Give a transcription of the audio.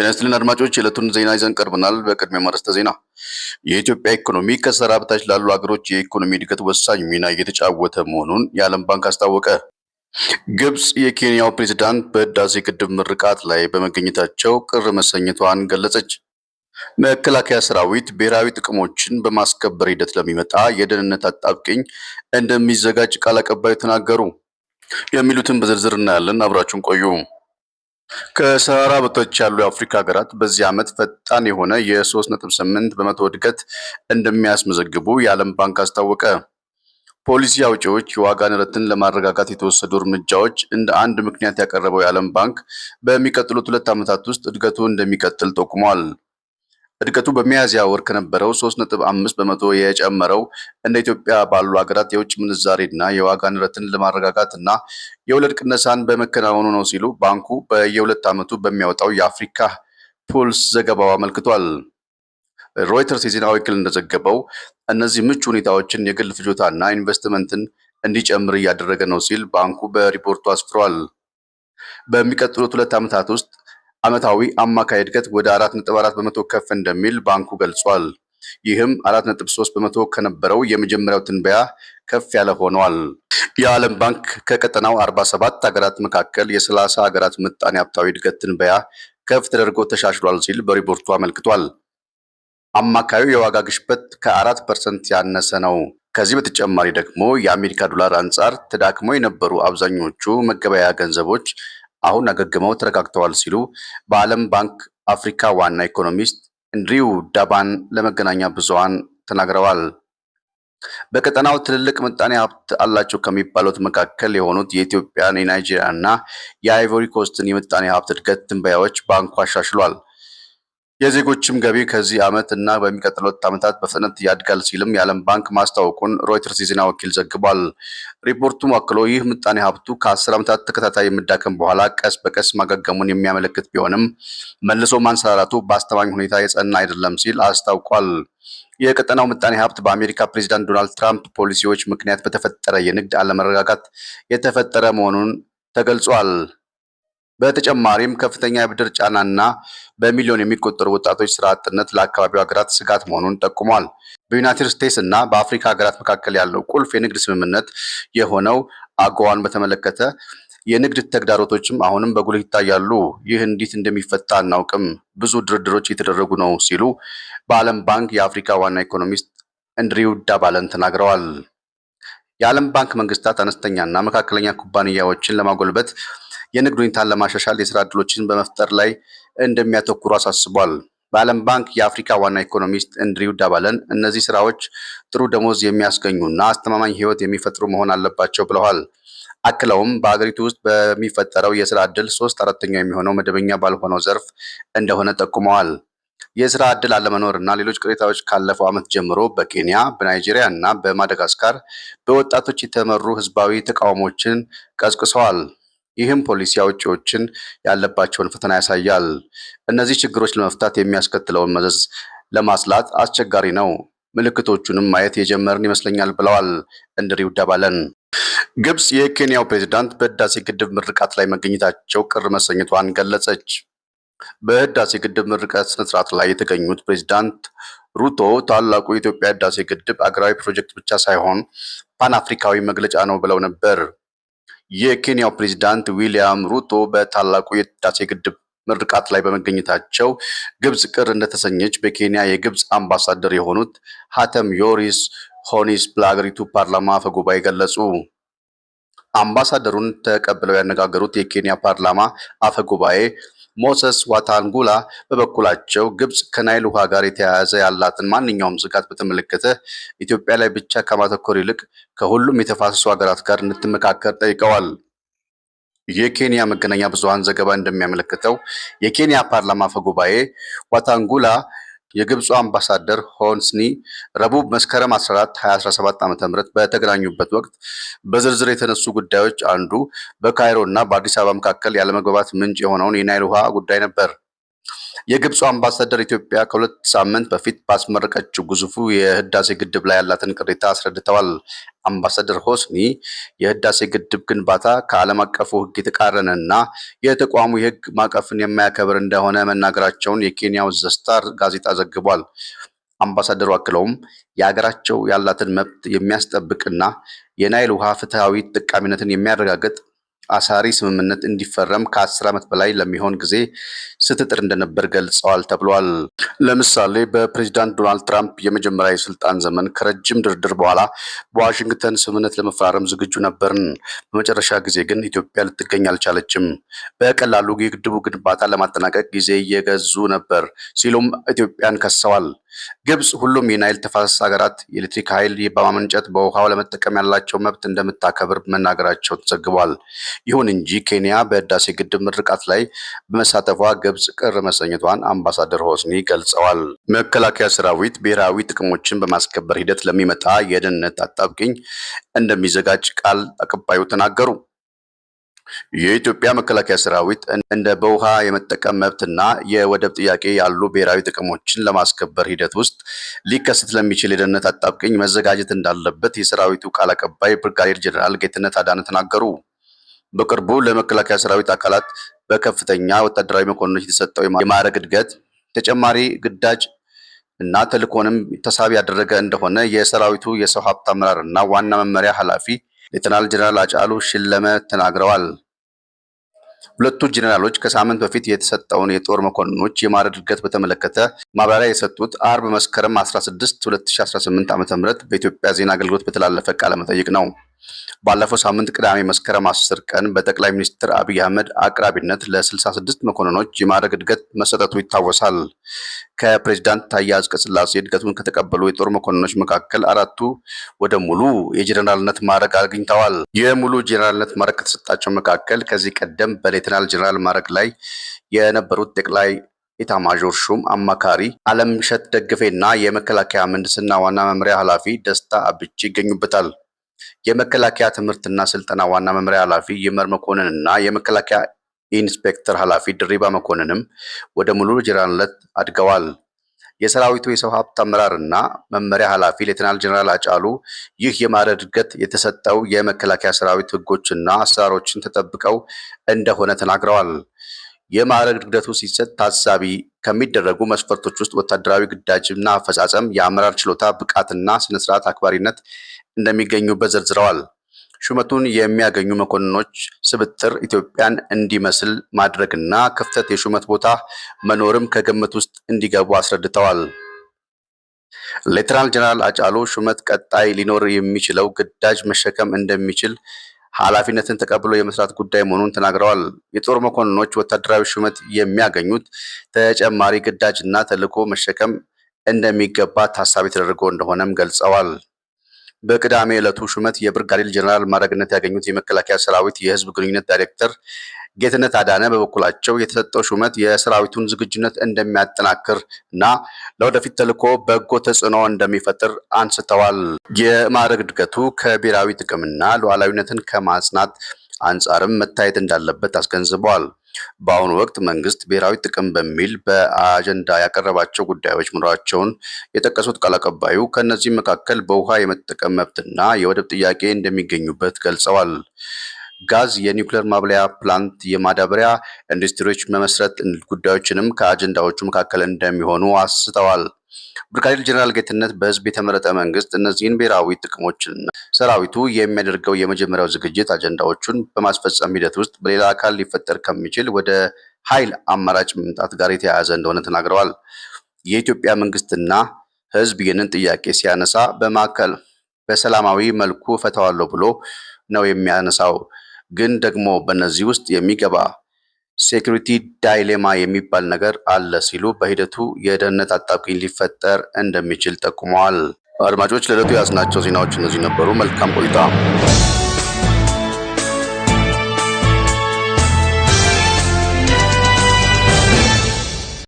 ጤና ይስጥልን አድማጮች፣ የዕለቱን ዜና ይዘን ቀርበናል። በቅድሚያ ማረስተ ዜና የኢትዮጵያ ኢኮኖሚ ከሰሃራ በታች ላሉ ሀገሮች የኢኮኖሚ እድገት ወሳኝ ሚና እየተጫወተ መሆኑን የዓለም ባንክ አስታወቀ። ግብጽ የኬንያው ፕሬዝዳንት በህዳሴ ግድብ ምርቃት ላይ በመገኘታቸው ቅር መሰኘቷን ገለጸች። መከላከያ ሰራዊት ብሔራዊ ጥቅሞችን በማስከበር ሂደት ለሚመጣ የደህንነት አጣብቅኝ እንደሚዘጋጅ ቃል አቀባዩ ተናገሩ። የሚሉትን በዝርዝር እናያለን። አብራችሁን ቆዩ። ከሰሃራ በታች ያሉ የአፍሪካ ሀገራት በዚህ ዓመት ፈጣን የሆነ የ3.8 በመቶ እድገት እንደሚያስመዘግቡ የዓለም ባንክ አስታወቀ። ፖሊሲ አውጪዎች የዋጋ ንረትን ለማረጋጋት የተወሰዱ እርምጃዎች እንደ አንድ ምክንያት ያቀረበው የዓለም ባንክ በሚቀጥሉት ሁለት ዓመታት ውስጥ እድገቱ እንደሚቀጥል ጠቁሟል። እድገቱ በሚያዝያ ወር ከነበረው 3.5 በመቶ የጨመረው እንደ ኢትዮጵያ ባሉ ሀገራት የውጭ ምንዛሬና የዋጋ ንረትን ለማረጋጋት እና የወለድ ቅነሳን በመከናወኑ ነው ሲሉ ባንኩ በየሁለት ዓመቱ በሚያወጣው የአፍሪካ ፑልስ ዘገባው አመልክቷል። ሮይተርስ የዜና ወኪል እንደዘገበው እነዚህ ምቹ ሁኔታዎችን የግል ፍጆታና ኢንቨስትመንትን እንዲጨምር እያደረገ ነው ሲል ባንኩ በሪፖርቱ አስፍሯል። በሚቀጥሉት ሁለት ዓመታት ውስጥ ዓመታዊ አማካይ እድገት ወደ 4.4 በመቶ ከፍ እንደሚል ባንኩ ገልጿል። ይህም 4.3 በመቶ ከነበረው የመጀመሪያው ትንበያ ከፍ ያለ ሆኗል። የዓለም ባንክ ከቀጠናው 47 ሀገራት መካከል የ30 ሀገራት ምጣኔ ሀብታዊ እድገት ትንበያ ከፍ ተደርጎ ተሻሽሏል ሲል በሪፖርቱ አመልክቷል። አማካዩ የዋጋ ግሽበት ከአራት ፐርሰንት ያነሰ ነው። ከዚህ በተጨማሪ ደግሞ የአሜሪካ ዶላር አንጻር ተዳክመው የነበሩ አብዛኞቹ መገበያያ ገንዘቦች አሁን አገግመው ተረጋግተዋል ሲሉ በዓለም ባንክ አፍሪካ ዋና ኢኮኖሚስት እንድሪው ዳባን ለመገናኛ ብዙሃን ተናግረዋል። በቀጠናው ትልልቅ ምጣኔ ሀብት አላቸው ከሚባሉት መካከል የሆኑት የኢትዮጵያን፣ የናይጄሪያ እና የአይቮሪ ኮስትን የምጣኔ ሀብት እድገት ትንበያዎች ባንኩ አሻሽሏል። የዜጎችም ገቢ ከዚህ ዓመት እና በሚቀጥሉት ዓመታት በፍጥነት ያድጋል ሲልም የዓለም ባንክ ማስታወቁን ሮይተርስ የዜና ወኪል ዘግቧል። ሪፖርቱ አክሎ ይህ ምጣኔ ሀብቱ ከአስር ዓመታት ተከታታይ የምዳከም በኋላ ቀስ በቀስ ማገገሙን የሚያመለክት ቢሆንም መልሶ ማንሰራራቱ በአስተማኝ ሁኔታ የጸና አይደለም ሲል አስታውቋል። የቀጠናው ምጣኔ ሀብት በአሜሪካ ፕሬዚዳንት ዶናልድ ትራምፕ ፖሊሲዎች ምክንያት በተፈጠረ የንግድ አለመረጋጋት የተፈጠረ መሆኑን ተገልጿል። በተጨማሪም ከፍተኛ የብድር ጫናና በሚሊዮን የሚቆጠሩ ወጣቶች ስራ አጥነት ለአካባቢው ሀገራት ስጋት መሆኑን ጠቁሟል። በዩናይትድ ስቴትስ እና በአፍሪካ ሀገራት መካከል ያለው ቁልፍ የንግድ ስምምነት የሆነው አጎዋን በተመለከተ የንግድ ተግዳሮቶችም አሁንም በጉልህ ይታያሉ። ይህ እንዴት እንደሚፈታ አናውቅም፣ ብዙ ድርድሮች እየተደረጉ ነው ሲሉ በዓለም ባንክ የአፍሪካ ዋና ኢኮኖሚስት እንድሪው ዳባለን ተናግረዋል። የዓለም ባንክ መንግስታት አነስተኛና መካከለኛ ኩባንያዎችን ለማጎልበት የንግድ ሁኔታን ለማሻሻል የስራ ዕድሎችን በመፍጠር ላይ እንደሚያተኩሩ አሳስቧል። በዓለም ባንክ የአፍሪካ ዋና ኢኮኖሚስት እንድሪው ዳባለን እነዚህ ስራዎች ጥሩ ደሞዝ እና አስተማማኝ ህይወት የሚፈጥሩ መሆን አለባቸው ብለዋል። አክለውም በሀገሪቱ ውስጥ በሚፈጠረው የስራ ዕድል ሶስት አራተኛው የሚሆነው መደበኛ ባልሆነው ዘርፍ እንደሆነ ጠቁመዋል። የስራ ዕድል አለመኖር እና ሌሎች ቅሬታዎች ካለፈው ዓመት ጀምሮ በኬንያ በናይጄሪያ እና በማደጋስካር በወጣቶች የተመሩ ህዝባዊ ተቃውሞችን ቀስቅሰዋል። ይህም ፖሊሲ አውጪዎችን ያለባቸውን ፈተና ያሳያል። እነዚህ ችግሮች ለመፍታት የሚያስከትለውን መዘዝ ለማስላት አስቸጋሪ ነው። ምልክቶቹንም ማየት የጀመርን ይመስለኛል ብለዋል እንድሪው ደባለን። ግብፅ የኬንያው ፕሬዝዳንት በህዳሴ ግድብ ምርቃት ላይ መገኘታቸው ቅር መሰኘቷን ገለጸች። በህዳሴ ግድብ ምርቀት ስነስርዓት ላይ የተገኙት ፕሬዝዳንት ሩቶ ታላቁ የኢትዮጵያ ህዳሴ ግድብ አገራዊ ፕሮጀክት ብቻ ሳይሆን ፓን አፍሪካዊ መግለጫ ነው ብለው ነበር። የኬንያው ፕሬዚዳንት ዊሊያም ሩቶ በታላቁ የህዳሴ ግድብ ምርቃት ላይ በመገኘታቸው ግብጽ ቅር እንደተሰኘች በኬንያ የግብጽ አምባሳደር የሆኑት ሀተም ዮሪስ ሆኒስ ለሀገሪቱ ፓርላማ አፈጉባኤ ገለጹ። አምባሳደሩን ተቀብለው ያነጋገሩት የኬንያ ፓርላማ አፈጉባኤ ሞሰስ ዋታንጉላ በበኩላቸው ግብጽ ከናይል ውሃ ጋር የተያያዘ ያላትን ማንኛውም ስጋት በተመለከተ ኢትዮጵያ ላይ ብቻ ከማተኮር ይልቅ ከሁሉም የተፋሰሱ ሀገራት ጋር እንድትመካከር ጠይቀዋል። የኬንያ መገናኛ ብዙሃን ዘገባ እንደሚያመለክተው የኬንያ ፓርላማ አፈ ጉባኤ ዋታንጉላ የግብፁ አምባሳደር ሆንስኒ ረቡዕ መስከረም 14 2017 ዓ.ም በተገናኙበት ወቅት በዝርዝር የተነሱ ጉዳዮች አንዱ በካይሮ እና በአዲስ አበባ መካከል ያለመግባባት ምንጭ የሆነውን የናይል ውሃ ጉዳይ ነበር። የግብፁ አምባሳደር ኢትዮጵያ ከሁለት ሳምንት በፊት ባስመረቀችው ግዙፉ የህዳሴ ግድብ ላይ ያላትን ቅሬታ አስረድተዋል። አምባሳደር ሆስኒ የህዳሴ ግድብ ግንባታ ከዓለም አቀፉ ህግ እና የተቋሙ የህግ ማዕቀፍን የማያከብር እንደሆነ መናገራቸውን የኬንያው ዘስታር ጋዜጣ ዘግቧል። አምባሳደሩ አክለውም የሀገራቸው ያላትን መብት የሚያስጠብቅና የናይል ውሃ ፍትሐዊ ጠቃሚነትን የሚያረጋግጥ አሳሪ ስምምነት እንዲፈረም ከአስር ዓመት በላይ ለሚሆን ጊዜ ስትጥር እንደነበር ገልጸዋል ተብሏል። ለምሳሌ በፕሬዚዳንት ዶናልድ ትራምፕ የመጀመሪያ የስልጣን ዘመን ከረጅም ድርድር በኋላ በዋሽንግተን ስምምነት ለመፈራረም ዝግጁ ነበርን። በመጨረሻ ጊዜ ግን ኢትዮጵያ ልትገኝ አልቻለችም። በቀላሉ የግድቡ ግንባታ ለማጠናቀቅ ጊዜ እየገዙ ነበር ሲሉም ኢትዮጵያን ከሰዋል። ግብጽ ሁሉም የናይል ተፋሰስ ሀገራት የኤሌክትሪክ ኃይል በማመንጨት በውሃው ለመጠቀም ያላቸው መብት እንደምታከብር መናገራቸው ተዘግቧል። ይሁን እንጂ ኬንያ በህዳሴ ግድብ ምርቃት ላይ በመሳተፏ ግብጽ ቅር መሰኘቷን አምባሳደር ሆስኒ ገልጸዋል። መከላከያ ሰራዊት ብሔራዊ ጥቅሞችን በማስከበር ሂደት ለሚመጣ የደህንነት አጣብቂኝ እንደሚዘጋጅ ቃል አቀባዩ ተናገሩ። የኢትዮጵያ መከላከያ ሰራዊት እንደ በውሃ የመጠቀም መብትና የወደብ ጥያቄ ያሉ ብሔራዊ ጥቅሞችን ለማስከበር ሂደት ውስጥ ሊከሰት ለሚችል የደህንነት አጣብቅኝ መዘጋጀት እንዳለበት የሰራዊቱ ቃል አቀባይ ብርጋዴር ጀኔራል ጌትነት አዳነ ተናገሩ። በቅርቡ ለመከላከያ ሰራዊት አካላት በከፍተኛ ወታደራዊ መኮንኖች የተሰጠው የማዕረግ እድገት ተጨማሪ ግዳጅ እና ተልኮንም ተሳቢ ያደረገ እንደሆነ የሰራዊቱ የሰው ሀብት አመራር እና ዋና መመሪያ ኃላፊ ሌተናል ጀነራል አጫሉ ሽለመ ተናግረዋል። ሁለቱ ጀነራሎች ከሳምንት በፊት የተሰጠውን የጦር መኮንኖች የማዕረግ እድገት በተመለከተ ማብራሪያ የሰጡት አርብ መስከረም 16 2018 ዓ.ም በኢትዮጵያ ዜና አገልግሎት በተላለፈ ቃለ መጠይቅ ነው። ባለፈው ሳምንት ቅዳሜ መስከረም አስር ቀን በጠቅላይ ሚኒስትር አብይ አህመድ አቅራቢነት ለ66 መኮንኖች የማዕረግ እድገት መሰጠቱ ይታወሳል። ከፕሬዚዳንት ታዬ አጽቀሥላሴ እድገቱን ከተቀበሉ የጦር መኮንኖች መካከል አራቱ ወደ ሙሉ የጀኔራልነት ማዕረግ አግኝተዋል። የሙሉ ጀኔራልነት ማዕረግ ከተሰጣቸው መካከል ከዚህ ቀደም በሌተናል ጀኔራል ማዕረግ ላይ የነበሩት ጠቅላይ ኢታማዦር ሹም አማካሪ አለምሸት ደግፌ እና የመከላከያ ምህንድስና ዋና መምሪያ ኃላፊ ደስታ አብቺ ይገኙበታል። የመከላከያ ትምህርትና ስልጠና ዋና መምሪያ ኃላፊ ይመር መኮንን እና የመከላከያ ኢንስፔክተር ኃላፊ ድሪባ መኮንንም ወደ ሙሉ ጀነራልነት አድገዋል። የሰራዊቱ የሰው ሀብት አመራርና መመሪያ ኃላፊ ሌተናል ጀነራል አጫሉ ይህ የማዕረግ እድገት የተሰጠው የመከላከያ ሰራዊት ህጎችና አሰራሮችን ተጠብቀው እንደሆነ ተናግረዋል። የማዕረግ እድገቱ ሲሰጥ ታሳቢ ከሚደረጉ መስፈርቶች ውስጥ ወታደራዊ ግዳጅና አፈጻጸም፣ የአመራር ችሎታ፣ ብቃትና ስነስርዓት አክባሪነት እንደሚገኙበት ዘርዝረዋል። ሹመቱን የሚያገኙ መኮንኖች ስብጥር ኢትዮጵያን እንዲመስል ማድረግና ክፍተት የሹመት ቦታ መኖርም ከግምት ውስጥ እንዲገቡ አስረድተዋል። ሌተናል ጀነራል አጫሉ ሹመት ቀጣይ ሊኖር የሚችለው ግዳጅ መሸከም እንደሚችል ኃላፊነትን ተቀብሎ የመስራት ጉዳይ መሆኑን ተናግረዋል። የጦር መኮንኖች ወታደራዊ ሹመት የሚያገኙት ተጨማሪ ግዳጅና ተልዕኮ መሸከም እንደሚገባ ታሳቢ ተደርጎ እንደሆነም ገልጸዋል። በቅዳሜ ዕለቱ ሹመት የብርጋዴር ጀነራል ማዕረግነት ያገኙት የመከላከያ ሰራዊት የህዝብ ግንኙነት ዳይሬክተር ጌትነት አዳነ በበኩላቸው የተሰጠው ሹመት የሰራዊቱን ዝግጁነት እንደሚያጠናክር እና ለወደፊት ተልዕኮ በጎ ተጽዕኖ እንደሚፈጥር አንስተዋል። የማዕረግ እድገቱ ከብሔራዊ ጥቅምና ሉዓላዊነትን ከማጽናት አንጻርም መታየት እንዳለበት አስገንዝበዋል። በአሁኑ ወቅት መንግስት ብሔራዊ ጥቅም በሚል በአጀንዳ ያቀረባቸው ጉዳዮች መኖራቸውን የጠቀሱት ቃል አቀባዩ ከእነዚህም መካከል በውሃ የመጠቀም መብትና የወደብ ጥያቄ እንደሚገኙበት ገልጸዋል። ጋዝ፣ የኒውክሌር ማብለያ ፕላንት፣ የማዳበሪያ ኢንዱስትሪዎች መመስረት ጉዳዮችንም ከአጀንዳዎቹ መካከል እንደሚሆኑ አስተዋል። ብርጋዴር ጀነራል ጌትነት በህዝብ የተመረጠ መንግስት እነዚህን ብሔራዊ ጥቅሞችና ሰራዊቱ የሚያደርገው የመጀመሪያው ዝግጅት አጀንዳዎቹን በማስፈጸም ሂደት ውስጥ በሌላ አካል ሊፈጠር ከሚችል ወደ ኃይል አማራጭ መምጣት ጋር የተያያዘ እንደሆነ ተናግረዋል። የኢትዮጵያ መንግስትና ህዝብ ይህንን ጥያቄ ሲያነሳ በማዕከል በሰላማዊ መልኩ ፈተዋለሁ ብሎ ነው የሚያነሳው። ግን ደግሞ በእነዚህ ውስጥ የሚገባ ሴኩሪቲ ዳይሌማ የሚባል ነገር አለ ሲሉ በሂደቱ የደህንነት አጣብቂኝ ሊፈጠር እንደሚችል ጠቁመዋል። አድማጮች ለዕለቱ ያዝናቸው ዜናዎች እነዚህ ነበሩ። መልካም ቆይታ